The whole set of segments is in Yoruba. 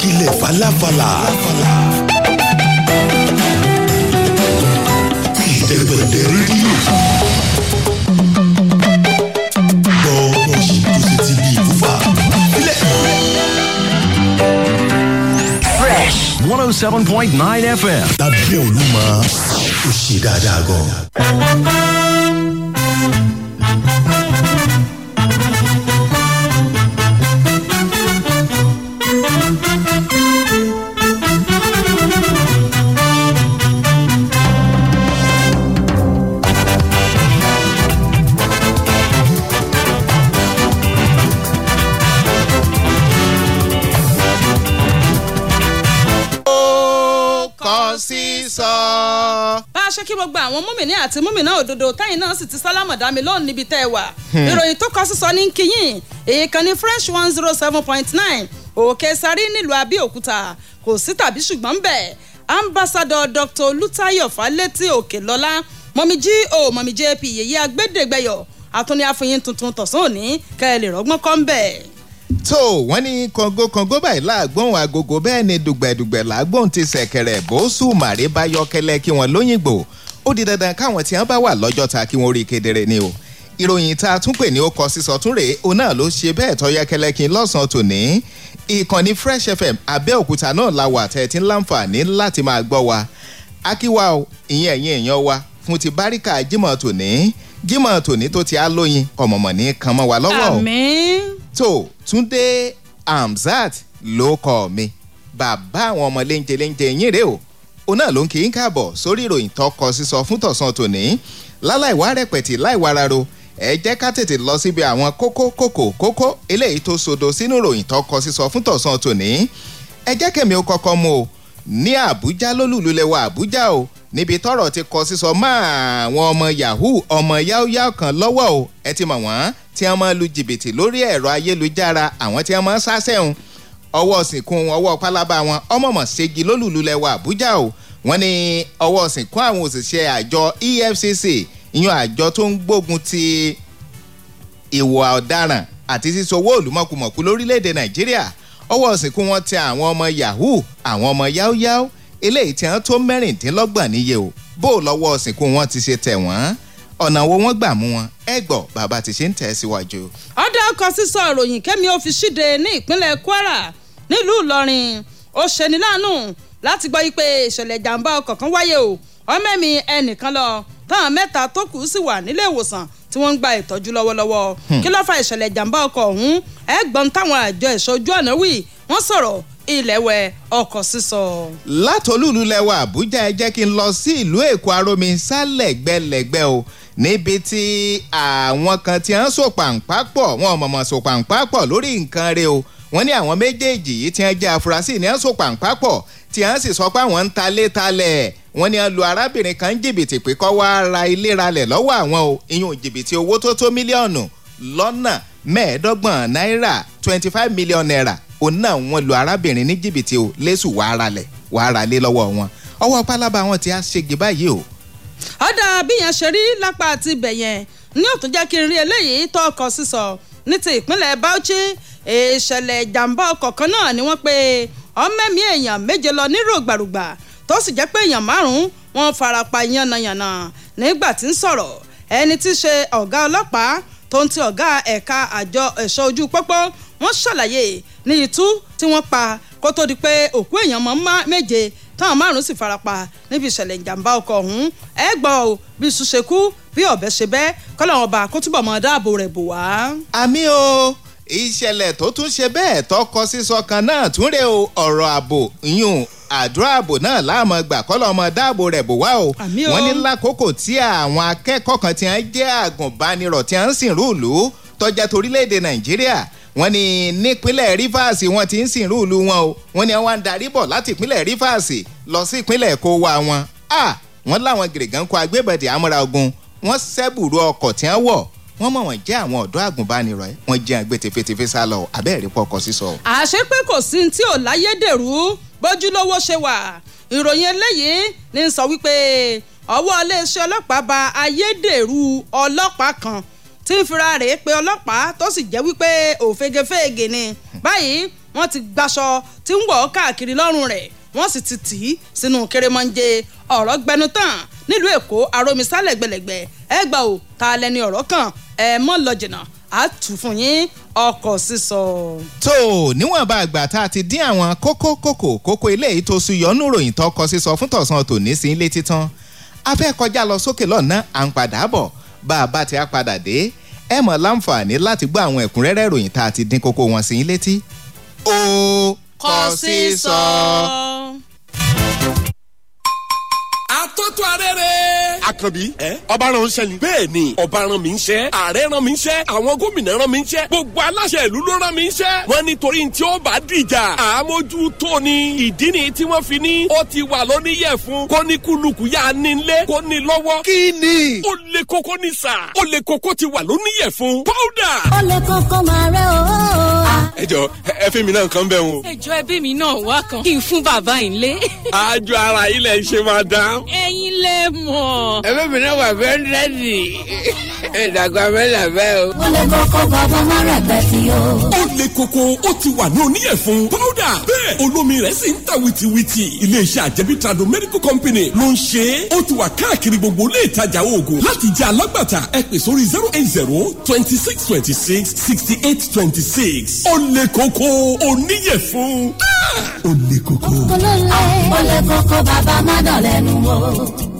kilẹ̀ falafala. ìdẹ̀gbẹ̀dẹ̀ rédíò. Fresh one oh seven point nine FM. àwọn mọ́mìnì àti mọ́mìnà òdodo táyìn náà sì ti sálámà dá mi lóhùn níbi tẹ́ ẹ wà. Hmm. ìròyìn tó kọ sísọ ní kíyìn èyí kan ní fresh one zero seven point nine òkè sáré nílùú Abẹ́òkúta kò sí tàbí ṣùgbọ́n bẹ́ẹ̀ ambassador dr olùtayọ falẹ́tì òkèlọ́lá mọ̀mí g o mọ̀mí jp yèyí agbẹ́dẹ́gbẹ́yọ̀ àtúnni àfihàn tuntun tọ̀sán òní kẹ́ rọ́gbọ́n kọ́ ń bẹ́ẹ̀ tó wọn ní kọ̀ǹgó kọ̀ǹgó báyìí láàgbóhùn agogo bẹ́ẹ̀ ni dùgbẹ̀dùgbẹ̀ làágbóhùn ti ṣẹ̀kẹ̀rẹ̀ bó sùn màrí bá yọkẹlẹ kí wọ́n lóyìnbó ó di dandan káwọn tí wọ́n bá wà lọ́jọ́ ta kí wọ́n rí kedere ni o ìròyìn tá a tún pè ní ó kọ sísọ tún rèé òun náà ló ṣe bẹ́ẹ̀ tọ́yẹ́kẹ́lẹ́kin lọ́sàn-án tòní ìkànnì Fresh FM Abẹ́òkúta náà la wà tẹ̀ tí ń láǹfààní láti máa gbọ́ wa akíwá o ìyẹn ẹ̀yìn èèyàn wa fún ti báríkà Jímọ̀ tòní Jímọ̀ tòní tó ti á lóyin ọ̀mọ̀mọ̀ ní kan mọ́ wa lọ́wọ́ o tó Túndé Hamzat ló kọ́ mi bàbá àwọn ọmọ léńjẹ léńjẹ yín rèé o òun náà ló ń kí í káàbọ̀ sórí ìròyìn tọkọ sísọ fún tọ̀sán tòní láláìwá rẹpẹ̀tì láìwáraro ẹ jẹ́ ká tètè lọ síbi àwọn kókó kókó kókó eléyìí tó sodo sínú ìròyìn tọkọ sísọ fún tọ̀sán tòní ẹ jẹ́ kẹ̀mí ó kọ́kọ́ mu o ní àbújá lólùlù lẹwà àbújá o níbi tọ́rọ̀ ti kọ sísọ mọ́ àwọn ọmọ yahoo ọmọ yáóyáó kan lọ́wọ́ o ẹ ti mọ̀ wọ́n tí wọ́n máa lu jìbìtì lórí ẹ̀rọ ayélujára àwọn tí wọ́n máa sá sẹ́hùn ọwọ́ sìnkún ọwọ́ pálábá wọn ọmọọmọ ṣègi lólùlù lẹwà àbújá o wọ́n ní ọwọ́ sìnkún àwọn òṣìṣẹ́ àjọ EFCC ìyẹn àjọ tó ń gbógun ti ìwà ọ̀daràn àti sísọ owó olùmọ̀kùmọ̀kù lórílẹ̀‐èdè nàìjíríà ọwọ́ sìnkún wọn tẹ àwọn ọmọ yahoo àwọn ọmọ yáúyáú eléyìí tí wọ́n tó mẹ́rìndínlọ́gbọ̀n níye o bó lọ́wọ́ sìnkún wọn ti ṣe tẹ̀ wọ́n ọ̀nà wo wọ́n gbà mú wọn ẹ gbọ́ bàbá ti ṣe ń tẹ̀ síwájú. ọ̀dà ọkọ̀ sísọ ìròyìn kẹ́mi ó fi ṣíde ní ìpínlẹ̀ kwara nílùú ìlọrin ó ṣeni láàánú láti gbọ́ yí pé ìṣẹ̀lẹ̀ ìjàmbá ọkọ̀ kan wáyé o ọmẹ́mi ẹnìkan lọ táwọn mẹ́ta tó kù sì wà nílé ìwòsàn tí wọ́n ń gba ìtọ́jú lọ́wọ́lọ́wọ́ hmm. kí ló fa ìṣẹ̀lẹ̀ ìjàmbá ọkọ̀ ọ̀hún ẹ̀gbọ́n táwọn àjọ ẹ̀ṣọ́ ojú ọ̀nà wì wọ́n sọ̀rọ̀ ilẹ̀wẹ̀ ọkọ̀ sísọ. látolúlu lẹwà àbújá ẹ jẹ́ kí n lọ sí ìlú èkó aromi sálẹ̀gbẹ̀lẹ̀gbẹ̀ o níbi tí àwọn kan ti ń sòpàǹpá pọ̀ wọn mọ̀mọ́ sòpàǹpá pọ̀ lórí nǹkan rẹ o wọ́n ní àwọn méjèèjì yìí tí wọ́n jẹ́ afurasí ní ẹ̀sùn pàǹpápọ̀ tí wọ́n sì sọ pé àwọn ń talé talẹ̀ wọ́n ní lu arábìnrin kan jìbìtì pé kó wá ra ilé ralẹ̀ lọ́wọ́ àwọn o ìyún jìbìtì owó tó tó mílíọ̀nù lọ́nà mẹ́ẹ̀ẹ́dọ́gbọ̀n náírà twenty five million naira òun náà wọ́n lu arábìnrin ní jìbìtì o lẹ́sù wàá ralẹ̀ wàá ralé lọ́wọ́ wọn ọwọ́ pálábá wọn ti á ṣègì báyìí o. ọ̀dà bí yẹn ṣe rí lápá àti ibẹ̀ yẹn ní òtún jẹ́ kí n rí eléyìí tó ọkọ̀ sísọ ní ti ìpínlẹ̀ Bauchi ìṣẹ̀lẹ̀ ìjàmbá ọkọ̀ kan náà ni wọ́n pe ọmẹ́mí èèyàn méje lọ ní rògbàrògbà tó sì jẹ́ pé èèyàn márùn-ún wọ́n farapa yánnayànna nígbà tí ń sọ̀rọ̀ ẹni tí í ṣe ọ̀gá ọlọ́pàá tó ń ti ọ̀gá ẹ̀ka àjọ ẹ̀ṣọ́ ojú pópó wọ́n ṣàlàyé ní itú tí wọ́n pa kó tó di pé òkú èèyàn mọ́ méje táwọn márùn sì farapa níbi ìṣẹ̀lẹ̀ ìjàmbá ọkọ̀ ọ̀hún ẹ gbọ́ ò bí iṣu bí ọ̀bẹ ṣe bẹ́ kọ́lọ́wọ́n ọba kó túbọ̀ mọ́ dáàbò rẹ̀ bò wá. àmì o ìṣẹ̀lẹ̀ tó tún ṣe bẹ́ẹ̀ tọkọ sísọ kan náà tún rè o ọ̀rọ̀ ààbò yùn àdúrà ààbò náà láàmú gbà kọ́lọ́ ọmọ dáàbò rẹ̀ bò wá o wọ́n ní lákòókò tí àwọn akẹ́kọ̀ọ́ kan ti ń jẹ́ àgùnbánirọ̀ tí ń sìn rúùlù tọ́jà torílẹ̀-èdè nàìjíríà wọ́n ní nípínlẹ̀ Rivers wọ́n ti ń sìn rúùlù wọn o wọ́n ní àwọn adarí bọ̀ láti ìpínlẹ̀ Rivers lọ sí ìpínlẹ̀ Èkó wa wọn a wọ́n láwọn gèrègàn kó agbébọ̀dé amúra ogun wọ́n ṣẹ́bùrú ọkọ̀ tí wọ́n wọ̀ wọ́n mọ̀ wọ́n jẹ́ àwọn ọ̀dọ́ àgùnbánirọ̀ ẹ̀ wọ́n jẹ́ àgbẹ̀ tẹfẹ́tẹfẹ́ sá lọ abẹ́ẹ̀rí pọkọ sísọ. àṣé pé kò sí tí ò láyédèrú bójúlówó ṣe wà ìròyìn eléyìí ní sọ wípé ọwọ́ iléeṣẹ́ ọlọ́pàá bà ayédèrú ọlọ́pàá kan tí ń fira rèé pé ọlọ́pàá tó sì jẹ́ wípé òfegefege ni báyìí wọ́n ti gbaṣọ tí ń wọ̀ ọ́ káàkiri lọ́rùn rẹ̀ wọ́n sì ti tì í sínú kérémọ́njẹ ọ̀rọ̀ gbẹnu tán nílùú èkó aromisa lẹ́gbẹ̀lẹ́gbẹ̀ ẹ gbà ò ta lẹni ọ̀rọ̀ kan ẹ mọ́ lọ jìnnà á tù fún yín ọkọ̀ sísọ. tó o níwọ̀nba àgbà tá a ti dín àwọn kókó kókó kókó eléyìí tó sùn yọnú ròyìn tó kọ sísọ fún tọ̀sán tòní sí ilé títán a fẹ́ kọjá lọ sókè lọ́nà à ń padà bọ̀ bá a bá ti á padà dé ẹ mọ̀ láǹfààní láti gbọ́ àwọn ẹ̀kúnrẹ́rẹ́ ìròyìn tá a ti dín kókó wọn sí yín létí. ó kọ sísọ. àtúntò arére àkànbí. ẹ ọba rán ń ṣẹ́ ni. bẹ́ẹ̀ni ọba rán mi ń ṣẹ́ ààrẹ rán mi ń ṣẹ́ àwọn gómìnà rán mi ń ṣẹ́ gbogbo aláṣẹ ìlú ló rán mi ń ṣẹ́. wọ́n nítorí tí ó bá dìjà àmójú tó ni ìdí ni tí wọ́n fi ní ó ti wà lóníyẹ̀ fún kó ní kúlùkù yá ní lé kó ní lọ́wọ́. kí ni. ó le koko ní sà ó le koko ti wà lóníyẹ̀ fún powder. ó le koko máa rẹ o. Ah, ẹ jọ ẹ fi mi náà kan bẹ́ẹ̀ o. ẹ jọ ẹbí mi náà wá kan kí n fún bàbá yìí lé. àjọ ara ilẹ̀ ṣe máa dá. ẹ̀yin lẹ mọ̀ ẹ bẹ́ẹ̀ mi náà wà fẹ́ ndẹ́sì ìdàgbà mẹ́là bẹ́ẹ̀ o. ó lè kókó bàbá má rẹ̀ bẹ́ sí o. ó lè kókó ó ti wà ní oníyẹ̀fun pọ́dà bẹ́ẹ̀ olómi rẹ̀ sì ń ta wìtìwìtì. iléeṣẹ́ àjẹbí trado medical company ló ń ṣe é. ó ti wà káàkiri gbogbo ilé ìtajà oògùn. láti jẹ́ alágbàtà ẹ pè sórí zero eight zero twenty six twenty six sixty eight twenty six. ó lè kókó oníyẹ̀fun. ó lè kókó. ó lè kókó bàbá má dọ̀lẹ́nu wò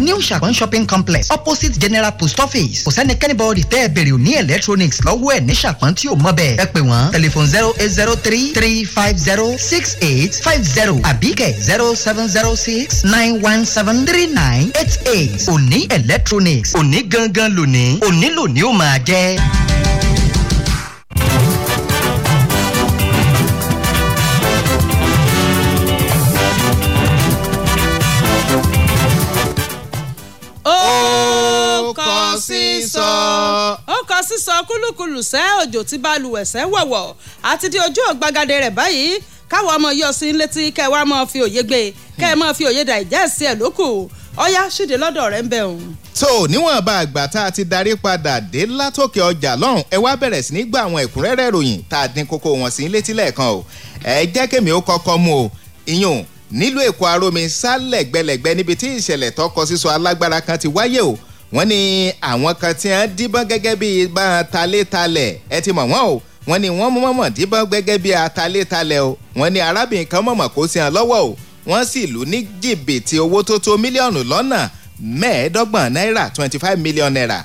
new Ṣàpọ̀n shopping complex opposite general post office kò sẹ́ni kẹ́nìbọ̀dì tẹ́ ẹ bèrè òní electronics lọ́wọ́ ẹ̀ ní Ṣàpọ̀n tí ò mọ̀ bẹ́ẹ̀ ẹ pè wọ́n tẹlifon zero eight zero three three five zero six eight five zero àbíkẹ́ zero seven zero six nine one seven three nine eight eight òní electronics òní gangan lónìí òní lónìí ó máa jẹ́. sísọ kúlùkùlù sẹ́ òjò tí bá luwẹ̀ sẹ́ wọ̀wọ̀ àti di ojú ọ̀gbagadé rẹ̀ báyìí káwọn ọmọ yọ sí létí kẹ́ wàá mọ fi òye gbé kẹ́ ẹ fi òye dà ìjẹ́sí ẹ̀ lókù ọyá ṣìdè lọ́dọ̀ rẹ̀ ń bẹ̀ òun. tó níwọ̀n bá àgbà tá a ti darí padà dé látòkè ọjà lọ́hùn ẹ wá bẹ̀rẹ̀ sí ní gba àwọn ẹ̀kúnrẹ́rẹ́ ìròyìn tá a dín kókó wọn sí létí lẹ́ẹ̀kan o ẹ jẹ́ kémi ó kọ́kọ́ mú o ìyún nílùú èkó arómi sálẹ̀ gbẹlẹ̀gbẹ níbi tí ìṣẹ̀lẹ̀ tọkọ sísọ alágbára kan ti wáyé o wọ́n ní àwọn kan tí wọ́n díbọ́n gẹ́gẹ́ bí ìbọn talétalẹ̀ ẹ ti mọ̀ wọ́n o wọ́n ní wọ́n mọ̀mọ̀ díbọ́n gẹ́gẹ́ bí atalétalẹ̀ o wọ́n ní arábìnrin kan mọ̀mọ̀ kó sí wọn lọ́wọ́ o wọ́n sì lù ní jìbìtì owó tó tó mílíọ̀nù lọ́nà mẹ́ẹ̀ẹ́dọ́gbọ̀n náírà twenty five million naira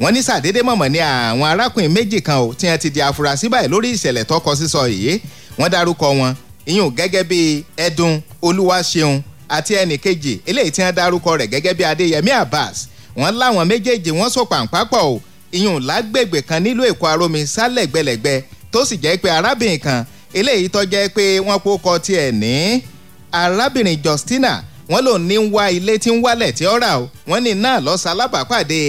wọ́n ní sàdédé mọ̀mọ̀ ní àwọn arákùnrin méjì kan o tí wọ́n ti di afurasí báyìí lórí ìṣẹ̀lẹ̀ tọkọ sísọ yìí wọ́n dárúkọ wọn ìyún gẹ́gẹ́ bíi ẹ̀dùn olúwaṣeun àti ẹnìkejì eléyìí tí wọ́n dárúkọ rẹ̀ gẹ́gẹ́ bíi wọ́n láwọn méjèèjì wọ́n so pàǹpápọ̀ o ìyún lágbègbè kan nílùú èkó arómi sálẹ̀gbẹ̀lẹ̀gbẹ̀ tó sì jẹ́ pé arábìnrin kan eléyìí tó jẹ́ pé wọ́n kó kọ tiẹ̀ ní arábìnrin Justina wọ́n lòun ní ń wá ilé tí ń wálẹ̀ tí ó rà o wọ́n ní náà lọ́ọ́ salábàápàdé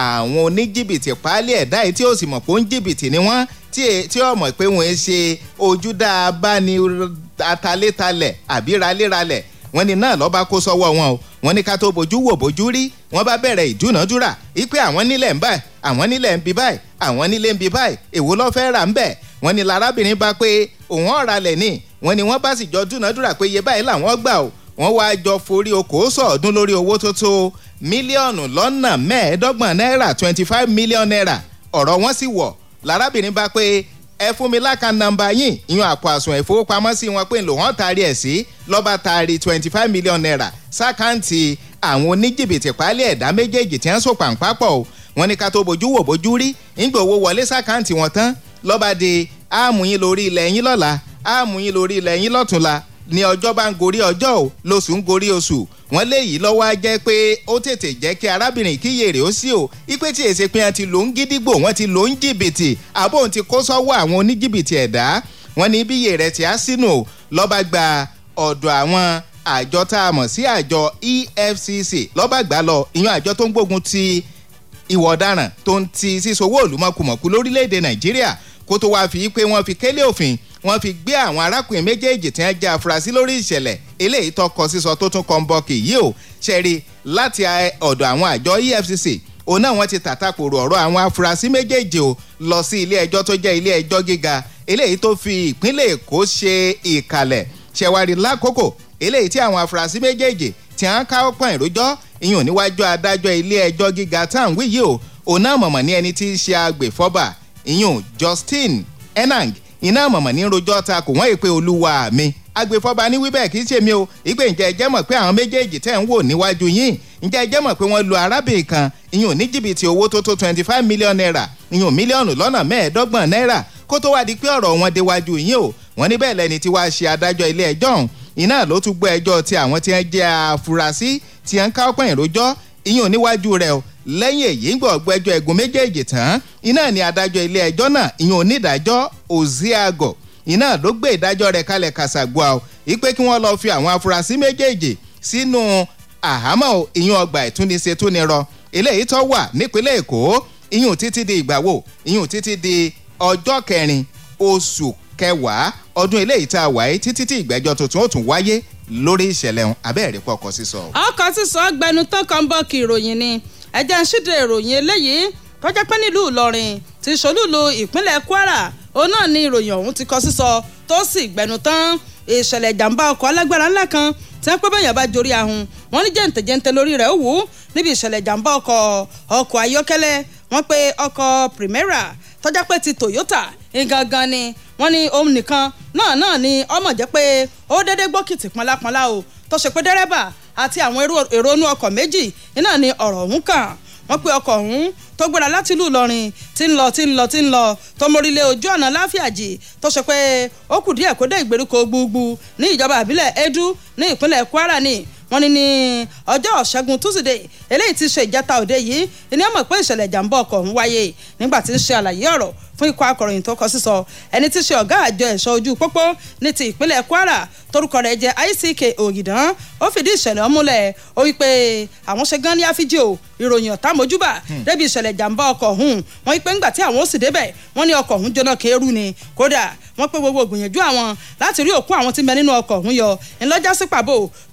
àwọn oníjìbìtì páálí ẹ̀dá yìí tí ó sì mọ̀ pé ń jìbìtì ni wọ́n e, tí ó mọ̀ pé wọ́n ń ṣe ojúdáa báni atalétalẹ̀ àbí ralélalẹ̀ wọ́n ní náà lọ́ba kó sọ́wọ́ wọn o wọ́n ní ká tó bójú wò bójú rí wọ́n bá bẹ̀rẹ̀ ìdúnàdúrà ipe àwọn nílẹ̀ ń báyìí àwọn nílẹ̀ ń bi báyìí àwọn nílẹ̀ ń bi báyìí èwo ló fẹ́ rà ń bẹ̀ wọ́n ní larábìnrin bá pé òun ọ̀rà lẹ̀ ní wọ́n ní wọ́n bá sì jọ dúnàdúrà pé iye báyìí làwọn gbà o wọ́n wá jọ forí okòósọ̀ ọdún lórí owó tó tó mílíọ̀nù lọ́nà mẹ́ẹ̀ẹ́dọ́gbọ̀n náírà twenty five million naira ọ̀rọ̀ wọn sì wọ̀ larábìnrin bá pé ẹ fún mi láka nọ́mbà yín ìyún àpò àsùn ìfowópamọ́sí wọn pé ńlò wọ́n taari ẹ̀ sí lọ́ba tari twenty five million naira sákàǹtì àwọn oníjìbìtì pálí ẹ̀dá méjèèjì tí wọ́n sọ pàǹpápọ̀ o wọ́n ni ká tó bójú wò bójú rí ńgbà owó wọlé sákàǹtì wọn tán lọ́ba di áàmù yín lórí ilẹ̀ yín lọ́la áàmù lórí ilẹ̀ yín lọ́tùnla ni ọjọ́ bá ń gorí ọjọ́ o lóṣù ń gorí oṣù wọ́n léyìí lọ́wọ́ á jẹ́ pé ó tètè jẹ́ kí arábìnrin kíyèrè ó sí o ipe tí èsì pé wọ́n ti lò ń gídígbò wọ́n ti lò ń jìbìtì àbò òun ti kó sọ́wọ́ àwọn oníjìbìtì ẹ̀dá wọ́n ní bíyè rẹ̀ ti á sínú lọ́ba gba ọ̀dọ̀ àwọn àjọ tá a mọ̀ sí àjọ EFCC lọ́ba gbà lọ ìyẹn àjọ tó ń gbógun ti ìwà ọ̀daràn tó ń ti sísowó òlùmọ̀kùmọ̀kù lórílẹ̀ fi í pé wọ́n fi kélé òfin wọ́n fi gbé àwọn arákùnrin méjèèjì tí wọ́n jẹ́ afurasí lórí ìṣẹ̀lẹ̀ eléyìí tọkọ sísọ tó tún kàn bọ́ọ̀kì yìí o ṣẹ̀rí láti ọ̀dọ̀ àwọn àjọ EFCC òun náà wọ́n ti tàtàkùrọ̀ ọ̀rọ̀ àwọn afurasí méjèèjì o lọ sí ilé ẹjọ́ tó jẹ́ ilé ẹjọ́ gíga eléyìí tó fi ìpínlẹ̀ Èkó ṣe ìkàlẹ̀ ṣẹ̀wárí lákòókò eléyìí tí àwọn afurasí méjèèjì tí wọ́n ká ọ̀pọ̀ ìrójọ́ ìyún níwájú adájọ́ ilé ẹjọ́ gíga táwọn yìí o òun náà mọ̀mọ́ ní ẹni tí í ṣe agbèfọ́ba ìyún Justin Enang iná mọ̀mọ́ ní rojọ́ ta kò wọ́n èpè olúwa mi agbèfọ́ba ní wíbẹ̀ kì í ṣe mi o ìgbé ǹjẹ́ ẹ jẹ́ mọ̀ pé àwọn méjèèjì tẹ̀ ń wò níwájú yín ǹjẹ́ ẹ jẹ́ pé wọ́n lu arábìnrin kan ìyún ní jìbìtì owó tó tó twenty five million naira ìyún mílíọ̀nù lọ́nà mẹ́ẹ̀ẹ́dọ́gbọ̀n náírà kó tó wá di pé ọ̀rọ̀ wọn déwájú yín o wọ́n ní bẹ́ẹ̀ lẹ́ni tí wàá ṣe adájọ́ ilé ẹjọ́ ọ̀hún iná ló tún gbọ́ ẹjọ́ ti àwọn tí wọ́n jẹ́ afurasí tí wọ́n ká ọ̀pọ̀ ìrójọ́ ìyún níwájú rẹ o lẹ́yìn èyí ń gbọ́ ọgbẹ́jọ́ ẹ̀gún méjèèjì tán iná ni adájọ́ ilé ẹjọ́ náà ìyún onídàájọ́ Oziago iná ló gbé ìdájọ́ rẹ̀ kalẹ̀ kàṣàgbọ́à o ìpè kí wọ́n lọ́ọ́ fi àwọn afurasí méjèèjì sínú àhámọ́ o ìyún ọgbà ìtúniṣetúnirọ eléyìí tó wà nípínlẹ̀ Èkó ìyún títí di ìgbà wo ìyún títí di ọjọ́ kẹrin oṣù kẹwàá ọdún eléyìí tá a wáyé títí tí ìgbẹ́jọ́ tuntun ó tún wáyé lórí ìṣẹ̀lẹ̀ ọ̀hún abẹ́ẹ̀rí pọ̀ ọkọ̀ sísọ. ọkọ̀ sísọ gbẹnu tán kan bọ́ kí ìròyìn ni ẹ̀jẹ̀ ń ṣíde ìròyìn eléyìí kọjá pé nílùú Ìlọrin ti ṣolúlu ìpínlẹ̀ Kwara òun náà ni ìròyìn ọ̀hún ti kọ sísọ tó sì gbẹnu tán ìṣẹ̀lẹ̀ ìjàmbá ọkọ̀ alágbára ńlá kan tí wọ́n pẹ́ bẹ́yàn bá jorí ahun wọ́n ní jẹ́ǹtẹ̀jẹ́ǹtẹ̀ lórí rẹ̀ ó wù ú níbi ìṣẹ̀lẹ̀ ìjàmbá ọkọ̀ ọkọ̀ ayọ́kẹ́lẹ́ wọ́n pe ọkọ̀ Primera tọ́já pé ti Toyota ìgangan ni wọ́n ní òun nìkan náà náà ni ọmọ jẹ́ pé ó dédé gbókìtì pọnlápọnlá o tó ṣe pé dẹ́rẹ́bà àti àwọn èrò inú ọkọ̀ méjì iná ni ọ̀rọ̀ ọ̀hún kàn wọ́n pe ọkọ̀ ọ̀hún tó gbéra láti ìlú Ìlọrin tí ń lọ tí ń lọ tí ń lọ tó mórílé ojú ọ̀nà láfíàjì tó ṣe pé ó kù díẹ̀ kó dé ìgbèríko gbogbo ní ìjọba àbílẹ̀ Edu ní ìpínlẹ̀ Kwara ni wọ́n ní ní ọjọ́ ṣẹ́gun túsídẹ̀ẹ́ eléyìí ti ṣe ìjẹta òde yìí ni wọ́n mọ̀ pé ìṣẹ̀lẹ̀ ìjàmbá ọkọ̀ ń wáyé nígbà tí ń ṣe àlàyé ọ̀rọ̀ fún ikọ̀ akọ̀ròyìn tó kọ sísọ ẹni tí ṣe ọ̀gá àjọ ẹ̀ṣọ́ ojú pópó ní ti ìpínlẹ̀ kwara torúkọ rẹ̀ jẹ́ ICK Ògìdán ó fìdí ìṣẹ̀lẹ̀ ọmúlẹ̀ ó wí àwọn ṣe gan ní àfíjì o ìròyìn ọ̀tá mojúbà hmm. débi ìṣẹ̀lẹ̀ jàǹbá ọkọ̀ ọ̀hún wọ́n wí ńgbà tí àwọn ó sì débẹ̀ wọ́n ní ọkọ̀ ọ̀hún jóná kéérú ni kódà wọ́n pé gbogbo gbìyànjú àwọn láti rí òkú àwọn tí ń nínú ọkọ̀ ọ̀hún yọ ńlọ́jà sí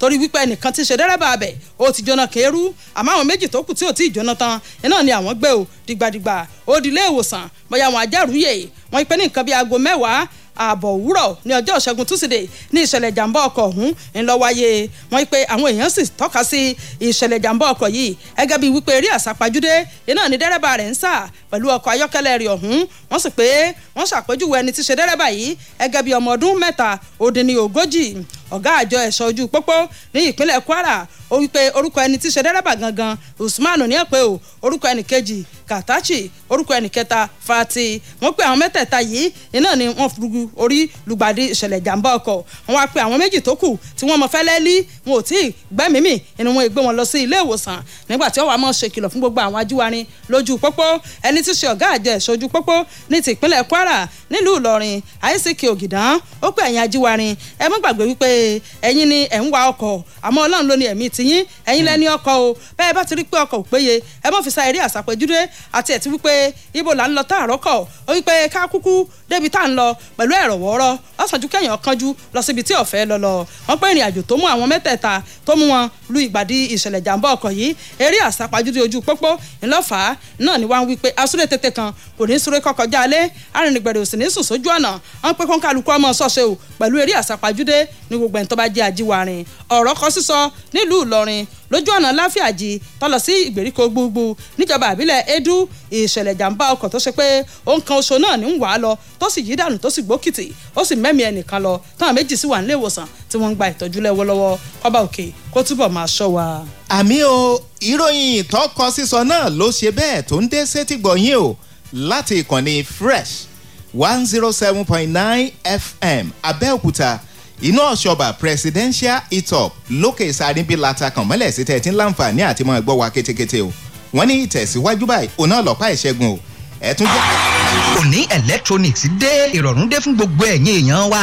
torí wípé ẹnìkan ti ṣe dẹ́rẹ́bà abẹ̀ ó ti jóná kéérú àmọ́ àwọn méjì tó kù tí ò tí ì jóná tán iná ni àwọn gbé o dìgbàdìgbà ó dilé ìwòsàn bóyá wọn ajárùúyè wọn pe ní nǹkan bíi aago mẹ́wàá ààbọ̀ òwúrọ̀ ní ọjọ́ ìṣẹ́gun túsídẹ̀ẹ́ ní ìṣẹ̀lẹ̀ ìjàmbá ọkọ̀ ọ̀hún ńlọ wáyé wọ́n pé àwọn èèyàn sì tọ́ka sí ìṣẹ̀lẹ̀ ìjàmbá ọkọ̀ yìí ẹgẹ́ bíi wípé eré àsápajúdé iná ní dẹ́rẹ́bà rẹ̀ ń sà pẹ̀lú ọkọ̀ ayọ́kẹ́lẹ́ rẹ̀ ọ̀hún wọ́n sì pé wọ́n ṣàpèjúwe ẹni tí ṣe dẹ́rẹ́bà yìí ẹgẹ́ bíi ọmọ ọdún mẹ́ta ó dín ní ọ̀gá àjọ ẹ̀ṣọ́ ojú pópó ní ìpínlẹ̀ kwara ó wípé orúkọ ẹni tí ṣe dẹ́rẹ́bà gangan usman ní ẹ̀pẹ́ o orúkọ ẹnì kejì kàtàchì orúkọ ẹnì kẹta fati wọ́n pe àwọn mẹ́tẹ̀ẹ̀ta yìí iná ni wọ́n furugu orí lùgbàdì ìṣẹ̀lẹ̀ ìjàmbá ọkọ̀ wọ́n wá pe àwọn méjì tó kù tí wọ́n mọ fẹ́lẹ́ lí wọn ò tí ì gbẹ́mìímì ni wọ́n gbé wọn lọ sí ilé ìwòsàn nígbà tí wọ́n wá mọ́ ṣe kìlọ̀ fún gbogbo àwọn ajíwárin lójú pópó ẹni tí ṣe ọ̀gá àjọ ẹ̀ṣọ́ ojú pópó ní ti ìpínlẹ̀ kwara nílùú ìlọrin àìsíkì ògìdán ó pè ẹ̀yìn ajíwárin ẹ má gbàgbé wípé pé ẹ̀yin ni ẹ̀ ń wa ọkọ̀ o àmọ́ ló ní ẹ̀mí tiyín ẹ̀yin lẹ́ni ọkọ̀ o bẹ́ẹ̀ bá ti rí pé ọkọ̀ ò péye ẹ mọ̀ fi eré àsàpèjúdé àti ẹ̀ wípé ibo là ń lọ táàrọ̀ kọ̀ ó wípé ká kúkú débi tá à ń lọ pẹ̀lú ẹ̀rọ wọ́ọ́rọ́ ọ̀sán ju kẹ́yìn ọ̀kanjú lọ síbi tí ọ̀fẹ́ lọ lọ wọ́n pé ìrìn àjò tó mú àwọn mẹ́tẹ̀ẹ̀ta tó mú wọn lu ìgbàdí ìṣẹ̀lẹ̀ jàǹbá ọkọ̀ yìí eré àsàpàjúdé ojú pópó ńlọ́fà náà ni wọ́n wí pé tètè kan kò ní súré kọkọ já alẹ́ arìnrìngbẹ̀rẹ̀ òsì ní sùn sójú ọ̀nà gbogbo ẹni tó bá jẹ́ ajíwárin ọ̀rọ̀ kan sísọ nílùú Ìlọrin lójú ọ̀nà láfíàjì tó sí ìgbèríko gbogbo níjọba àbílẹ̀ edu ìṣẹ̀lẹ̀ jàǹbá ọkọ̀ tó ṣe pé òǹkan oṣù náà ní ń wà á lọ tó sì yí dànù tó sì gbókìtì ó sì mẹ́mí ẹnìkan lọ táwọn méjì sì wà nílé tí wọ́n ń gba ìtọ́jú lẹ́wọ́lọ́wọ́ kọ́ba òkè kó túbọ̀ máa ṣọ́ wa. àmì o ìròyìn ìtọ́kọ sísọ náà ló ṣe bẹ́ẹ̀ tó ń dé sétígbọ̀yìn o láti ìkànnì fresh one zero seven point nine fm abẹ́òkúta iná ọ̀ṣọ́bà presidential etop lókè sáré bí latakan mọ́lẹ̀ sí tẹ̀tí láǹfààní àti mọ́ ẹgbọ́ wa kétékété o wọ́n ní ìtẹ̀síwájú báyìí òun náà lọ́pàá ìṣẹ́gun o ẹ̀ tún jẹ́. òní electronics dé ìrọ̀rùn dé fún gbogbo ẹ̀yin èèyàn wa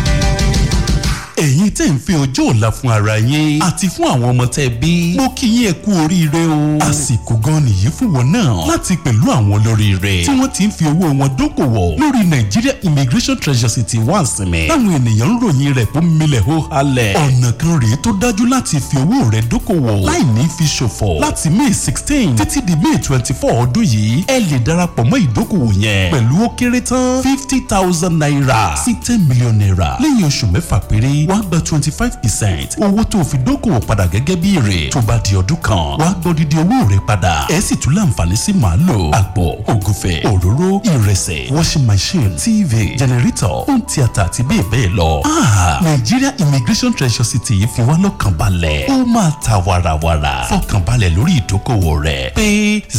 ẹ̀yin tẹ́ ń fẹ́ ọjọ́ ọ̀la fún ara yín àti fún àwọn ọmọ tẹ́ bí mo kí yín ẹ kú oríire o àsìkò gan nìyí fún wọn náà láti pẹ̀lú àwọn olórí rẹ̀ tí wọ́n ti ń fi owó wọn dókòwò lórí Nigeria Immigration Treasure City wá sinmi táwọn ènìyàn ń ròyìn rẹ̀ fún milẹ̀ ó halẹ̀ ọ̀nà kan rèé tó dájú láti fi owó rẹ̀ dókòwò láì ní fi ṣòfò láti May sixteen títí di May twenty four ọdún yìí ẹ lè darapọ̀ mọ́ ìdókòwò yẹn pẹ̀lú ó kéré tán fifty thousand naira sí ten million naira lẹ́yìn oṣù mẹ́fà péré wàá gba twenty five percent owó tó fi dókòwò padà gẹ́gẹ́ bí èrè tó bá di ọdún kan wàá gbọ́ dídí owó rẹ padà ẹ sì tún láǹfààní sí màálù àgbò ògùfẹ̀ òróró ìrẹsẹ̀ washing machine tv generator home theatre àti bẹ́ẹ̀ bẹ́ẹ̀ lọ. Ah, Nigeria Immigration Treasure City yìí fi wá lọ́kàn balẹ̀ ó máa ta warawara fọkàn balẹ̀ lórí ìdókòwò rẹ pé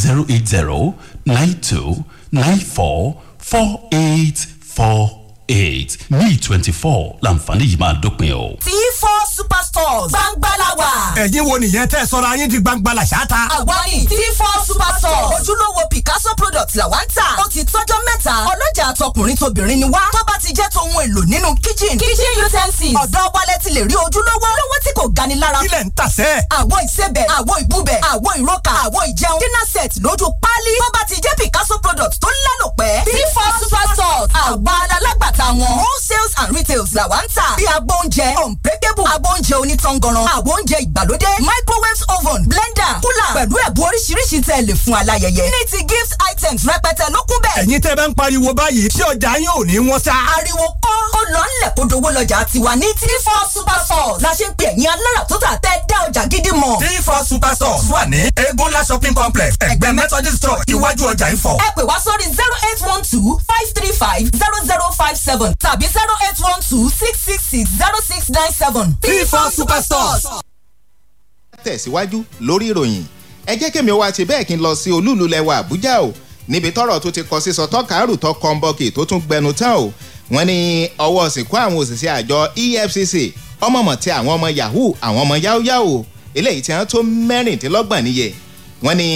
zero eight zero nine two nine four four eight four eight ní twenty four làǹfààní yìí máa dópin o. tí four superstores gbangbala wà. ẹ̀yin wo nìyẹn tẹ́ sọ́ra yín di gbangbala ṣáta. àwa ni tí four superstores ojúlówó picasso products làwa ń tà. ó ti tọ́jọ́ mẹ́ta ọlọ́jà àtọkùnrin tóbìnrin ni wá. tó bá ti jẹ́ tòun èlò nínú kitchen. kitchen utensils. ọ̀dọ́ wálé ti lè rí ojúlówó. lówó tí kò gani lára. ilẹ̀ ń tà sẹ́. àwo ìsebẹ̀ àwo ìbúbẹ̀ àwo ìrókà àwo ìjẹun. dinner set lójú páálí. tó bá ti jẹ́ picasso products tó lálòpẹ́. tí four superstores àwa alágbàtà ta wọn. wholesales and retails làwa ń tà bí abọ́ oúnjẹ unbreakable abọ́ oúnjẹ onítọ̀ngọ̀ràn àbọ̀ oúnjẹ ìgbàlódé microwave oven blender cooler pẹ̀lú ẹ̀bùn oríṣiríṣi tẹ́ lè fún aláyẹyẹ. ní ti gift items rẹpẹtẹ ló kún bẹ́ẹ̀. ẹ̀yin tẹ́ bá ń pariwo báyìí tí ọjà yín ò ní wọ́n sá. ariwo kọ́ ó lọ ńlẹ̀ kó dowó lọ́jà tiwa ní three four la ṣe ń pè ẹ̀yin alára tó shopping complex ẹ̀gbẹ́ methodist church iwájú ọjà Ifọ̀. ẹ pè wá sórí zero eight one two five three five zero five seven tàbí zero eight one two six six six zero six nine seven. three four superstores. tẹ̀síwájú lórí ìròyìn ẹ jẹ́ kí mi wá ti bẹ́ẹ̀ kí n lọ sí olúùlú lẹ́wà àbújá o níbi tọ́rọ̀ tó ti kọ sísọ tọkàárù tó kọńbọkì tó tún gbẹnu tán o wọ́n ní ọwọ́ sìnkú àwọn òṣìṣẹ́ àjọ EFCC ọmọọmọ tí àwọn ọmọ yahoo àwọn ọmọ yáóyáó eléyìí tí wọ́n tó mẹ́rìndínlọ́gbọ̀n níye wọ́n ní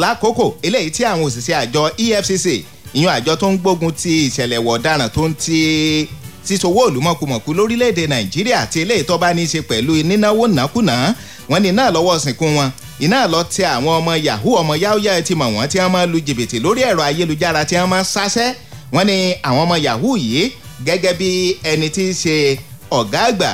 lákòókò eléyìí tí àwọn òṣìṣẹ́ àjọ EFCC ìyún àjọ tó ń gbógun ti ìṣẹ̀lẹ̀ ìwà ọ̀daràn tó ń ti sísowó òlùmọ̀kùmọ̀kù lórílẹ̀‐èdè nàìjíríà àti eléyìí tó bá ní í ṣe pẹ̀lú nínáwó nàkúnà wọn ni náà lọ́wọ́ sìnkún wọn iná lọ tẹ àwọn ọmọ yahoo ọmọ yahoo ti mọ̀ wọ́n tí wọ́n máa lu jìbìtì lórí ẹ̀rọ ayélujára tí wọ́n máa sáṣẹ́ wọn ni àwọn ọmọ yahoo yìí gẹ́gẹ́ bí ẹni tí í ṣe ọ̀gá àgbà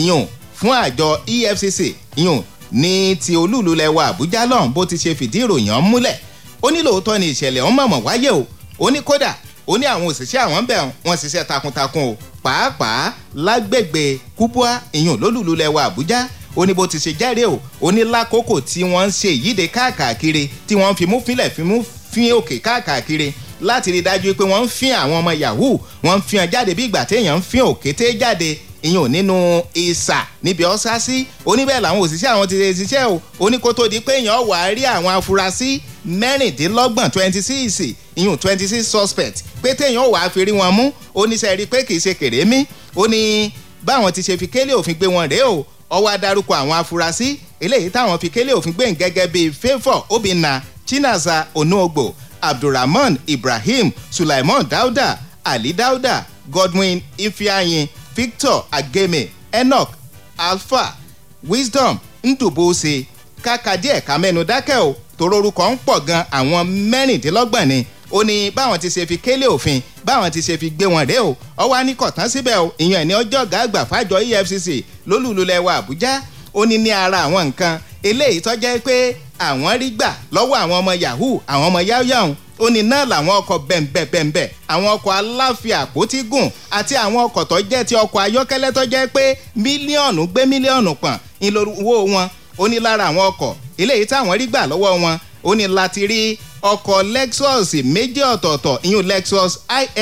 ìyún fún àjọ efcc ìyún ní ti olúùlú lẹwa àbújá lọ́hùn bó ti ṣe fìdí ìròyìn ọ̀hún múlẹ̀ ó ní lóòótọ́ ni ìṣẹ̀lẹ̀ ọ̀hún mọ̀mọ̀ wáyé o ó ní kódà ó ní àwọn òṣìṣẹ́ àwọn bẹ̀ wọ́n ṣiṣẹ́ takuntakun o pàápàá lágbègbè kúbúà ìyún lólùlù lẹwa àbújá ó ní bó ti ṣe jẹ́rìí o ó ní lákòókò tí wọ́n ń ṣe ìyíde káàkiri tí wọ́n fi mú fínlẹ̀ fi mú fín òkè káàkiri láti rí i dájú pé wọ́n ń fín àwọn ọmọ yahoo wọ́n ń fín jáde bí ìgbà téèyàn ń fín òkété jáde ìyún nínú ìsà níbi ọ̀sá sí oníbẹ̀ làwọn òṣìṣẹ́ àwọn ti ṣiṣẹ́ o oníkótó di pé èèyàn wà á rí àwọn afurasí mẹ́rìndínlọ́gbọ̀n twenty six ìyún twenty six suspect pé téèyàn wà á fi rí wọn mú oníṣẹ́ rí pé kì í ṣe kèrémí ó ní báwọn ti ṣe fi kélé òfin gbé wọn rèé o ọwọ́ adarúkọ àwọn afurasí eléyìí táwọn fi kélé òfin gbé gẹ́gẹ́ bíi favour obìnrin chinaza onuogbo abdulrahman ibrahim sulaiman dauda ali dauda godwin ifeanyi victor ageme enoch alpha wisdom ndùbòsè káka díẹ̀ ká mẹ́nu dákẹ́ o torórúkọ ń pọ̀ gan àwọn mẹ́rìndínlọ́gbọ̀n ni ó ní báwọn ti ṣe fi kélé òfin báwọn ti ṣe fi gbé wọn rè o ọwọ́ anìkọ̀tán síbẹ̀ o ìyẹn ní ọjọ́ ọ̀gá àgbà fàjọ efcc lólùlulẹ̀ wa àbújá ó ní ní ara àwọn nǹkan eléyìí tó jẹ́ pé àwọn rí gbà lọ́wọ́ àwọn ọmọ yahoo àwọn ọmọ yahoo ó ní náà làwọn ọkọ̀ bẹ̀m̀bẹ̀bẹ̀m̀bẹ̀ àwọn ọkọ̀ aláfi àpótí gùn àti àwọn ọkọ̀ tó jẹ́ ti ọkọ̀ ayọ́kẹ́lẹ́ tó jẹ́ pé mílíọ̀nù gbé mílíọ̀nù pọ̀n ńlọ́wọ́ wọn ó ní lára àwọn ọkọ̀ eléyìí táwọn rí gbà lọ́wọ́ wọn ó ní láti rí ọkọ̀ Lexus méjì ọ̀tọ̀ọ̀tọ̀ ìyún Lexus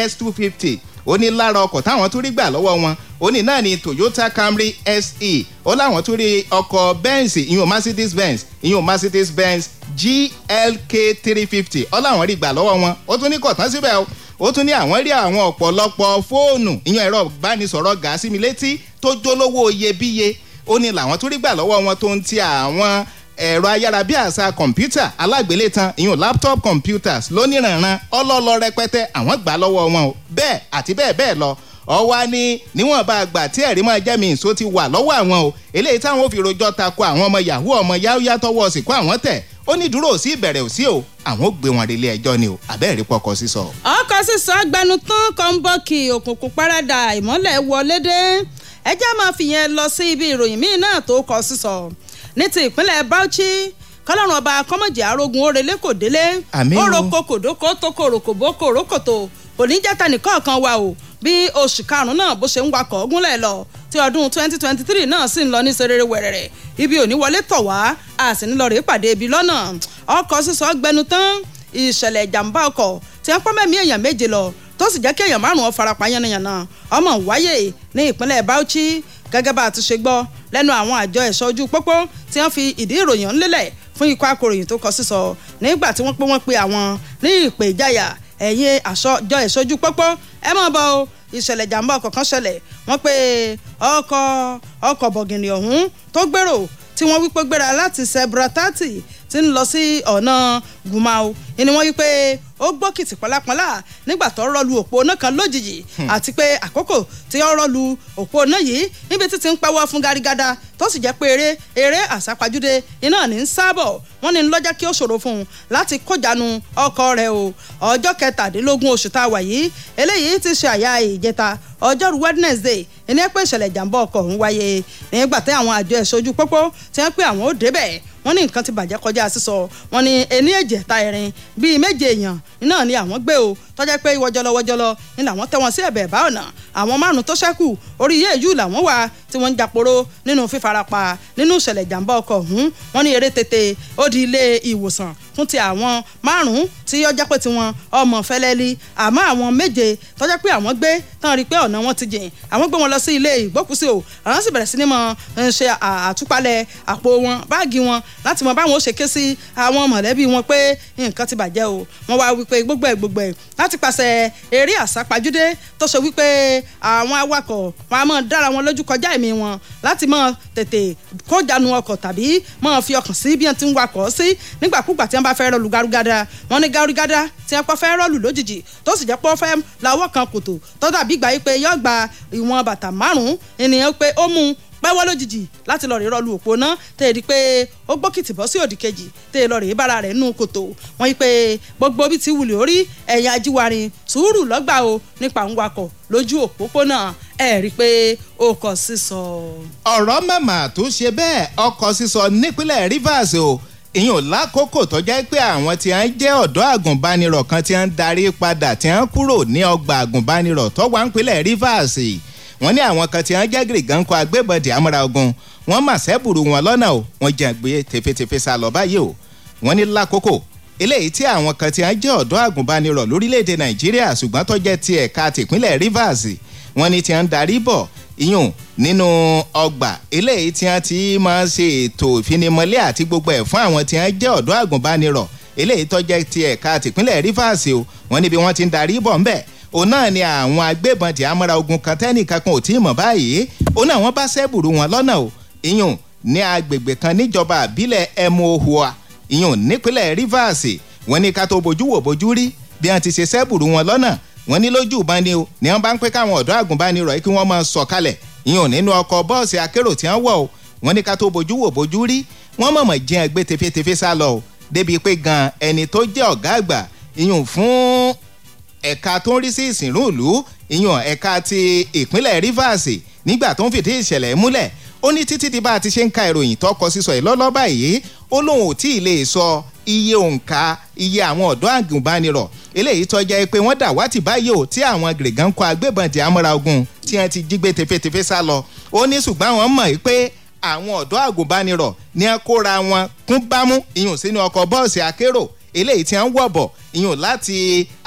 IS two fifty ó ní lára ọkọ̀ táwọn tún rí gbà lọ́wọ́ wọn ó ní náà ni Toyota Camry SE ó láwọn tún rí ọkọ̀ Benz ìyún Mercedes Benz ìyún Mercedes Benz glk three fifty ọláwọn rí gbà lọ́wọ́ wọn ó tún ní kọ̀tán síbẹ̀ o ó tún ní àwọn rí àwọn ọ̀pọ̀lọpọ̀ fóònù ìyẹn ẹ̀rọ ìbánisọ̀rọ̀ gà sí mi létí tó jólówó iyebíye ó ní làwọn tó rí gbà lọ́wọ́ wọn tó ń ti àwọn ẹ̀rọ ayárabíàṣá kọ̀ǹpútà alágbélétan ìyún laptop computers lóníranran ọlọ́lọ rẹpẹtẹ àwọn gbà lọ́wọ́ wọn o bẹ́ẹ̀ àti bẹ́ẹ̀ bẹ́ẹ̀ lọ ọwá ni níwọ̀nba àgbà tí ẹ̀rí máa jẹ́ mi ìṣó ti wà lọ́wọ́ àwọn o eléyìí táwọn ò fi rojọ́ ta ko àwọn ọmọ yahoo ọmọ yáyá tọwọ́ sìnkú àwọn tẹ̀ ó ní dúró sí ìbẹ̀rẹ̀ òsí o àwọn ò gbé wọn relé ẹjọ́ ni o àbẹ́ẹ̀rí pọkọ sísọ. ọkọ sísọ gbanután kọ́ńbọ́ọ̀kì òkùnkùn parada ìmọ́lẹ̀ wọlé dé ẹjẹ́ máa fìyẹn lọ sí ibi ìròyìn míì náà tó kọ sísọ ní ti ìpínlẹ̀ Bauchi kọlọ́run ọba kọ́mọ̀jì arógun orele kò délé oroko kòdókò tó koroko bókò rókòtò kò ní jẹ́ta nìkan kan wa o bí oṣù karùn-ún náà bó ṣe ń wakọ̀ ọ̀gúnlẹ̀ lọ tí ọdún 2023 náà sì ń lọ ní serere wẹ̀rẹ̀rẹ̀ ibi òní wọlé tọ̀ wá a sì ń lọ rèé pàdé ibi lọ́nà ọkọ̀ sísọ gbẹnu tán ìṣẹ̀lẹ̀ ìjàmbá ọkọ̀ tí wọ́n pọ́ èèyàn méje lọ tó sì jẹ́ kí èèyàn márùn-ún farapa yánnayànna ọmọ wáyé ní ìpínlẹ̀ Bauchi gẹ́gẹ́ bá a ti ṣe gbọ́ lẹ́nu àwọn àjọ ẹ̀ṣọ́ ojú pópó tí wọ́n fi ìdí ìròyìn ńlélẹ̀ fún ikọ̀ akọ̀ròyìn tó kọ sísọ nígbà tí wọ́n pé wọ́n pe àwọn ní ìpè ìjáyà ẹ̀yìn àjọ ẹ̀ṣọ́ ojú pópó ẹ máa bọ̀ ìṣẹ̀lẹ̀ jàǹbá ọkọ̀ kan ṣẹlẹ̀ wọ́n pé ọkọ̀ ọkọ̀ bọ̀gìnì ọ̀hún tó gbèrò tí wọ́n wípé gbéra láti sẹ́bratati tí ń lọ sí ọ̀nà gùnmáwò ni wọ́n wí pé ó gbókìtì pọ́nlápọ́nlá nígbà tó rọ́lu òpó náà kan lójijì hmm. àti pé àkókò tí ó rọ́lu òpó náà yìí níbi títí ń pẹ́wọ́ fún garigada tó sì jẹ́ pé eré eré àsápajúdé iná ní ń sábọ̀ wọ́n ní lọ́jà kí ó ṣòro fún un láti kójanu ọkọ rẹ̀ o ọjọ́ kẹtàdínlógún oṣù tá a wà yìí eléyìí ti ṣe àyà ìjẹta ọjọ́rú Wednesday ẹni ẹ pé ìṣẹ̀lẹ̀ ìjàmbá ọkọ̀ ń wáyé nígbà tí àwọn àjọ ẹ̀ṣọ́ pópó ti ń pé àwọn ó débẹ̀ wọ́n ní nǹkan ti bàjẹ́ kọjá sísọ wọ́n ní ẹni ẹ̀jẹ̀ ta ẹ̀rin bíi méje èèyàn náà ni àwọn gbé o tọ́jà pé wọ́jọ́lọ́wọ́jọ́lọ́ ni làwọn tẹ́ wọn sí ẹ̀bẹ̀ bá ọ̀nà àwọn márùn-ún tó ṣẹ́kù orí yéèyù làwọn wà tí wọ́n ń jàporó nínú fífarapa nínú ìṣẹ̀lẹ̀ ìjàmbá ọkọ̀ ọ̀hún wọ́n ní eré tètè ó di ilé ìwòsàn fún ti àwọn márùn-ún tí ọjà pé tiwọn ọmọ fẹlẹ́lí àmọ́ àwọn méje tọ́jà pé àwọn gbé tán rí pé ọ̀nà wọn ti jìn àwọn gbé wọn lọ sí ilé ìgbókùsí o àwọn sì bẹ̀rẹ̀ sí ni mọ eh, ṣe àtúpalẹ̀ àpò wọn báàgì wọn láti mọ báwọn ó ṣe ké sí àwọn mọ̀lẹ́bí wọn pé nǹkan ti bàjẹ́ o wọn wá wípé gbogbo ẹ̀ gbogbo ẹ̀ láti pàṣẹ eré àsápajúdé tó ṣe wípé àwọn awakọ̀ wọn a máa dára wọn lójú kọjá ẹ̀m ẹ̀mí wọn láti máa tètè kójanu ọkọ̀ tàbí máa fi ọkàn sí bí wọ́n ti ń wakọ̀ sí nígbàkúgbà tí wọ́n bá fẹ́ rọlù garugada wọ́n ní garugada tí wọ́n fẹ́ rọlù lójijì tó sì jẹ́ pọ́ fẹ́ lawọ́ kan kòtò tó dàbí gbà pé yọ́ gba ìwọ̀n bàtà márùn-ún ènìyàn pé ó mú pẹ́wọ́ lójijì láti lọ́ọ́ rí rọ́ọ̀lù òpóná tẹ̀ rí pé ó gbókìtì bọ́ sí òdì kejì tẹ̀ lọ́ọ́ rí bára rẹ̀ nù kòtò wọ́n yí pé gbogbo bí ti wùlé orí ẹ̀yìn ajíwárin sùúrù lọ́gbà o nípa ń wakọ̀ lójú òpópónà ẹ rí i pé ó kọ sísọ. ọ̀rọ̀ màmá tó ṣe bẹ́ẹ̀ ọkọ̀ sísọ nípínlẹ̀ Rivers o ìyẹn lákòókò tó jẹ́ pé àwọn tí wọ́n jẹ́ ọ̀dọ́ àgùnbánirọ̀ kan tí wọ́n darí padà tí wọ́n kúrò ní ọgbà àgùnbánirọ̀ tó wà nípínlẹ̀ Rivers wọ́n ní àwọn kan tí wọ́n jẹ́ gírígànkọ agbébọ̀dì amúra ogun wọ́n mà sẹ́bùrù wọn lọ́nà o wọ́n jàgbé tẹfẹtẹfẹ sá lọ báyìí o wọ́n ní lákòókò eléyìí tí àwọn kan tí wọ́n jẹ́ ọ̀dọ́ àgùnbánirọ̀ lórílẹ̀‐èdè Nàìjíríà ṣùgbọ́n tó jẹ́ ti ẹ̀ka tìpínlẹ̀ Rivers wọ́n ní tí wọ́n ń darí bọ̀ iyùn nínú ọgbà eléyìí tí wọ́n ti máa ń ṣe ètò ìfinimọ̀lé àti gbogbo ẹ̀ fún àwọn tí wọ́n jẹ́ ọ̀dọ́ àgùnbánirọ̀ eléyìí tó jẹ́ ti ẹ̀ka tìpínlẹ̀ Rivers o wọ́n níbi wọ́n ti ń darí bọ̀ ńbẹ̀ òun náà ni àwọn agbébọn tí amúra ogun kan tẹ́nìkan kan ò tí ì mọ̀ báyìí òun náà wọ́n bá sẹ́bùrú wọn lọ́nà o iyùn ní agbègbè kan níjọba àbílẹ̀ emohua iyùn nípínlẹ̀ Rivers wọ́n ní ká tó bójú wò bójú rí bí wọ́n ti ṣe sẹ́bùrú wọn lọ́nà wọ́n ní lójú ìbọn ni o ní wọ́n bá ń pé káwọn ọ̀dọ́ àgùnbánirọ̀ yìí kí wọ́n máa sọ̀kalẹ̀ ìyẹn nínú ọkọ̀ bọ́ọ̀sì akérò tí wọ́n wọ̀ o wọ́n ní ká tó bojú wò bojú rí wọ́n mọ̀mọ̀ jiyàn gbé tefetefe sá lọ o débi pé gan ẹni tó jẹ́ ọ̀gá àgbà ìyẹn fún ẹ̀ka tó ń rí sí ìsìnrú ìlú ìyẹn ẹ̀ka ti ìpínlẹ̀ Rivers nígbà tó ń fìdí ìṣẹ̀lẹ̀ múlẹ̀ ó ní títí di bá a ti ṣe ń ka ìròyìn tọkọ sísọ yìí lọ́lọ́ báyìí ó lóun ò tí lè sọ iye òǹkà iye àwọn ọ̀dọ́ àgùnbánirọ̀ eléyìí tó jẹ́ pé wọ́n dàwátì báyìí ò tí àwọn gèrègán kọ agbébọn ti amúra ogun tí wọ́n ti jí gbé tefetefe sá lọ ó ní ṣùgbọ́n àwọn mọ̀ pé àwọn ọ̀dọ́ àgùnbánirọ̀ ni wọ́n kóra wọn kún bámú ìyún sínú ọkọ̀ bọ́ọ̀sì akérò eléyìí tí wọ́n wọ̀ bọ̀ ìyún láti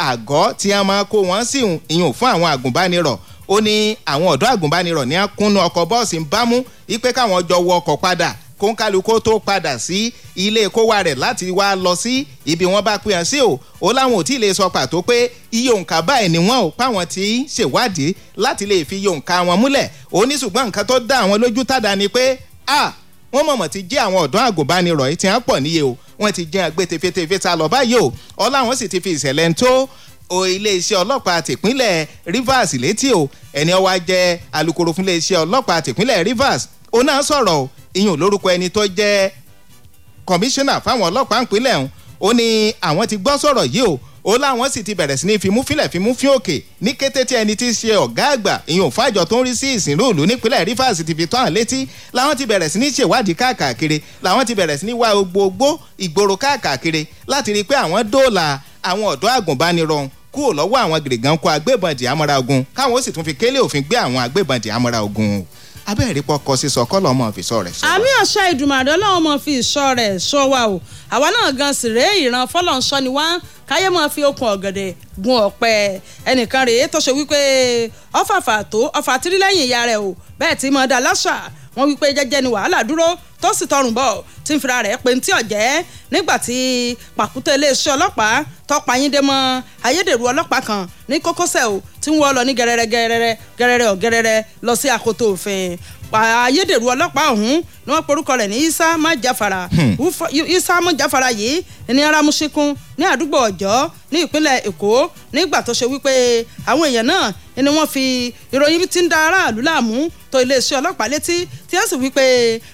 àgọ́ tí wọ́n máa kó wọn sí ìyún fún àwọn àgùnbánirọ̀ ó ní àwọn ọ̀dọ́ àgùnbánirọ̀ ni wọ́n kúnnú ọkọ̀ bọ́ọ̀sì ń bámú wípé káwọn jọ wọ ọkọ̀ padà kó ń kálukó tó padà sí ilé kówá rẹ̀ láti wá lọ sí ibi wọ́n bá pín hàn sí o ó láwọn ò tí ì lè sọ pàtó pé iye òǹkà báyìí ni wọ́n ò páwọn ti ń ṣèwádìí láti lè fi iye òǹkà wọn múlẹ̀ ó ṣùgbọ́n nǹkan tó dá àwọn lójú tàdá ni pé a wọ́n mọ̀mọ́ ti jẹ́ àwọn ọ̀dọ́ àgùnbánirọ̀ yìí ti hàn pọ̀ níye o wọ́n ti jẹ́ àgbẹ̀ tefetefe ta lọ báyìí o ọláwọn sì ti fi ìṣẹ̀lẹ̀ ń tó o iléeṣẹ́ ọlọ́pàá tìpínlẹ̀ Rivers létí o ẹni ó wá jẹ́ alukoro fún iléeṣẹ́ ọlọ́pàá tìpínlẹ̀ Rivers ó náà sọ̀rọ̀ ìyún lórúkọ ẹni tó jẹ́ kọmíṣánná fáwọn ọlọ́pàá ìpínlẹ̀ ọ̀hún ó ní àwọn ti gbọ́ sọ̀rọ̀ yìí o ó láwọn sì ti bẹ̀rẹ̀ sí ní fimú fílẹ̀ fimú fín òkè ní kété tí ẹni tí í ṣe ọ̀gá àgbà ìyún fàjọ tó ń rí sí ìsìnrú ìlú nípínlẹ̀ rivers ti fi tó hàn létí làwọn ti bẹ̀rẹ̀ sí ní ṣèwádìí káàkiri làwọn ti bẹ̀rẹ̀ sí ní wá gbogbo ìgboro káàkiri láti rí i pé àwọn dóòlà àwọn ọ̀dọ́ àgùnbánirọ̀ kúrò lọ́wọ́ àwọn gìrìgàn kó agbébọn dì ogun káwọn ó sì tún fi kélé òfin gbé àwọn agbébọn dì ogun abẹ́rẹ́ pọkọ sísọ kọ́lọ́ ọmọ fi sọ rẹ̀ sọ. àmì àṣà ìdùmàdọ́ lọ́wọ́ ọmọ fi ìṣọ rẹ̀ sọ wa o àwa náà gan sì rèé ìran fọlọ́nṣọ́ ni wá káyé máa fi okùn ọ̀gẹ̀dẹ̀ gun ọ̀pẹ ẹnìkan rèé tó ṣe wípé ọ̀fàfà tó ọ̀fà tírí lẹ́yìn ìyá rẹ̀ o bẹ́ẹ̀ tí mo dá láṣà wọ́n wí pé jẹ́jẹ́ ni wàhálà dúró tó sì tọrùn bọ̀ tí ń fira rẹ̀ pé ń tí ọ̀jẹ́ nígbà tí pàkúté iléeṣẹ́ ọlọ́pàá tọpa yín dé mọ́ ayédèrú ọlọ́pàá kan ní kókósẹ̀ o tí ń wọ́ lọ ní gẹ́rẹ́rẹ́ gẹ́rẹ́rẹ́ gẹ́rẹ́rẹ́ ọ̀gẹ́rẹ́rẹ́ lọ sí akoto òfin ayédèrú ọlọ́pàá ọ̀hún ni wọ́n porúkọ rẹ̀ ní isa májàfara hmm. isa májàfara yìí ní aramusikun ní àdúgbò ọjọ́ ní ìpínlẹ̀ èkó nígbà tó ṣe wípé àwọn èèyàn náà ni wọ́n fi ìròyìn tí ń da aráàlú láàmú tó iléeṣẹ́ ọlọ́pàá létí tí wọ́n sì wípé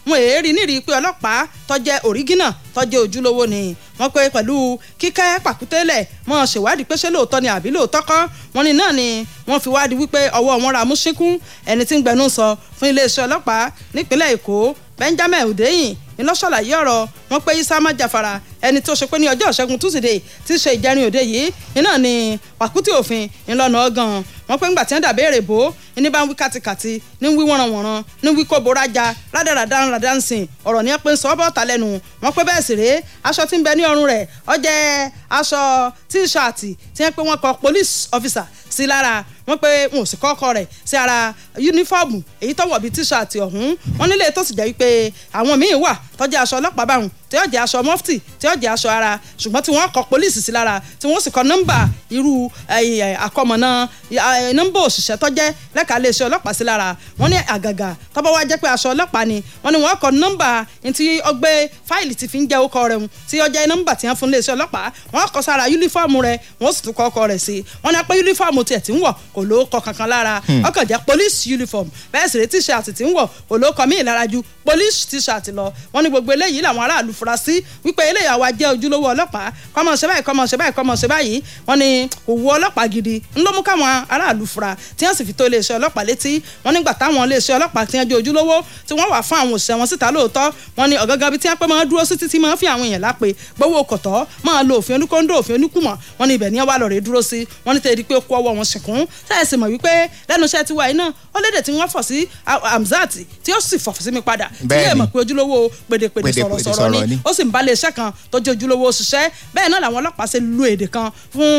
wọn èé rí nírìí pé ọlọ́pàá tó jẹ́ òrígínà tó jẹ́ ojúlówó ni wọ́n pé pẹ̀lú kíkẹ́ pàkútélẹ̀ mọ́ ṣèwádìí pé ṣé lóòótọ́ ni àbí lóòótọ́ kọ́ wọ́n ní náà ni wọ́n fi wádìí wípé ọwọ́ wọn ra mú sínkún ẹni tí ń gbẹnu sọ fún iléeṣẹ́ ọlọ́pàá nípínlẹ̀ Èkó Benjamin Hundeyin iná ṣàlàyé ọ̀rọ̀ wọn pé isama jafara ẹni tó ṣe pé ní ọjọ́ ìṣẹ́gun túsídẹ̀ẹ́ ti ṣe ìjẹrin òde yìí iná ni pàkútì òfin ńlọ́nà ọ̀gàn wọn pé ńgbà tí wọn dàbí èrè bò ó ní bá ń wí kàtìkàtì ní wí wọ̀nranwọ̀nran ní wí kó boraja rádaràdà ńláda ń sìn ọ̀rọ̀ ní pé ń sọ ọ́ bọ́ ta lẹ́nu wọn pé bẹ́ẹ̀ sì rèé aṣọ tí ń bẹ ní ọrùn rẹ̀ ó aṣọ tíṣààtì tí wọ́n pé wọ́n kọ police officer sí wọ́n pé n ò sì kọ́kọ́ rẹ̀ sí ara yúnífọ́ọ̀mù èyí tọ́wọ̀ bíi tíṣàtì ọ̀hún wọ́n nílé tó sì jẹ́ wípé àwọn míì wà tọ́jú aṣọ ọlọ́pàá báwọn tí yóò jẹ́ aṣọ mọ́fìtì tí yóò jẹ́ aṣọ ara ṣùgbọ́n tí wọ́n kọ pólíìsì sí lára tí wọ́n sì kọ nọ́mbà irú àkọmọ̀nà nọ́mbà òṣìṣẹ́ tó jẹ́ lẹ́ka iléeṣẹ́ ọlọ́pàá sí lára wọ́n ní àgàgà tó bá wá jẹ́ pé aṣọ ọlọ́pàá ni wọ́n ní wọ́n kọ nọ́mbà tí ọgbẹ́ fáìlì ti fi ń jẹ́ ọkọ rẹ̀ hun tí ó jẹ́ nọ́mbà tí wọ́n fún iléeṣẹ́ ọlọ́pàá wọ́n kọ sára yúnífọ́ọ̀mù rẹ̀ wọ́n sì tún kọ ọkọ rẹ̀ sí wọ́n ní apẹ́ yúnífọ́ọ̀mù tiẹ̀ ti ń wọ̀ kò lóókọ kankan lára ọkàn hmm. jẹ́ police uniform bẹ́ẹ̀ sì rè t-shirt tí ń wọ̀ kò lóókọ míì lára ju police t-shirt lọ wọ́n ní gbogbo eléyìí làwọn aráàlú fura sí wípé eléyìí àwa jẹ́ ojúlówó ọlọ́pàá kọ́mọ ṣe báyìí kọ́mọ ṣe báyìí kọ́mọ ṣe báyìí wọ́n ní òwú ọlọ́pàá gidi ńlọ mú káwọn aráàlú fura tí wọ́n sì fi tó iléeṣẹ́ ọlọ́pàá létí wọ́n nígbà táwọn iléeṣẹ́ ọlọ́pàá ti yanjú ojúlówó tí wọ́n wà fún àwọn òṣìṣẹ́ wọn síta lóòótọ́ wọ́n ní ọ̀gángan bíi tí wọ́n pẹ́ máa dúró sí títí máa fi àwọn èèyàn lápè gbowó kọ̀tọ́ máa lo òfin oníkóńdó òfin oníkùmọ̀ wọ́n ní ibẹ̀ ni wọ́n wà lọ́ọ̀rẹ́ dúró sí wọ́n ní tẹ́lẹ̀ pé kó ọwọ́ wọn ṣìnkún ṣáàṣì mọ̀ wípé lẹ́nu iṣẹ́ tiwa yìí ó léde tí wọ́n fọ̀ sí Hamzat tí ó sì fọ̀ sí mi padà tí yóò mọ̀ pé ojúlówó pèdèpèdè sọ̀rọ̀sọ̀rọ̀ ni ó sì ń bá iléeṣẹ́ kan tó jẹ́ ojúlówó ṣiṣẹ́ bẹ́ẹ̀ náà làwọn ọlọ́pàá ṣe lu èdè kan fún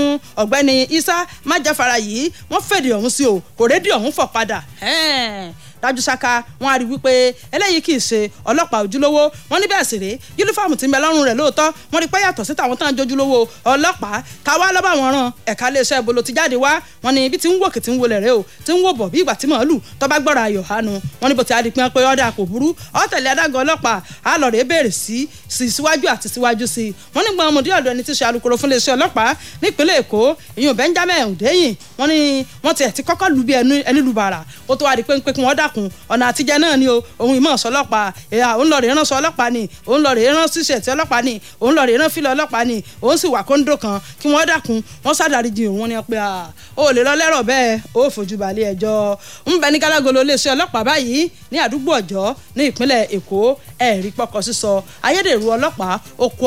ọ̀gbẹ́ni Isa májáfara yìí wọ́n fèdè ọ̀hún sí o kò rédíò ọ̀hún fọ̀ padà dájú ṣáká wọn á rí wípé eléyìí kì í ṣe ọlọ́pàá ojúlówó wọn ní sì rèé yúnífàmù ti ń bẹ lọ́rùn rẹ̀ lóòótọ́ wọn rí pé sí tàwọn tán jojúlówó ọlọ́pàá táwa lọ́ba wọn ran ẹ̀ka iléeṣẹ́ ibo ti jáde wá wọn ní ibi tí ń wòkè tí ń wọlé rẹ o tí ń wò bọ̀ bí ìgbà tí mò ń lù tọ́ba gbọ́ra ayọ̀ hánu wọn ní bó ti á di pín pé ọ̀dà kò burú ọ̀tẹ̀lẹ̀ adágún ọlọ́pàá á lọ rèé bèrè sí sí síwájú àti síwájú sí wọn ní gbọ́n ọmọdé ọ̀dọ̀ ẹni tí ṣe alukoro fún iléeṣẹ́ ọlọ́pàá nípínlẹ̀ èkó ìyún benjamin ọ̀dẹ́yìn wọn ní wọn ti ẹ̀ ti kọ́kọ́ lu bí ẹni lu bàrà ó tó wá di pé ń pé kí wọ́n dà dákun ọ̀nà àtijọ́ náà ni o òun ìmọ̀ sọ ọlọ́pàá òun lọ rè rán sọ ọlọ́pàá ni òun lọ rè rán ṣíṣẹ̀tì ọlọ́pàá ni òun lọ rè rán fílẹ̀ ọlọ́pàá ni òun sì wà kóńdó kan kí wọ́n dákun wọ́n sàdáríjì òun ni pé ó lè lọ lẹ́rọ̀ bẹ́ẹ̀ ó fojú balẹ̀ ẹjọ́ ń bẹ ní gálágolo iléeṣẹ́ ọlọ́pàá báyìí ní àdúgbò ọ̀jọ́ ní ìpínlẹ̀ èkó ẹ̀rí pọkọ sísọ ayédèrú ọlọ́pàá ó kó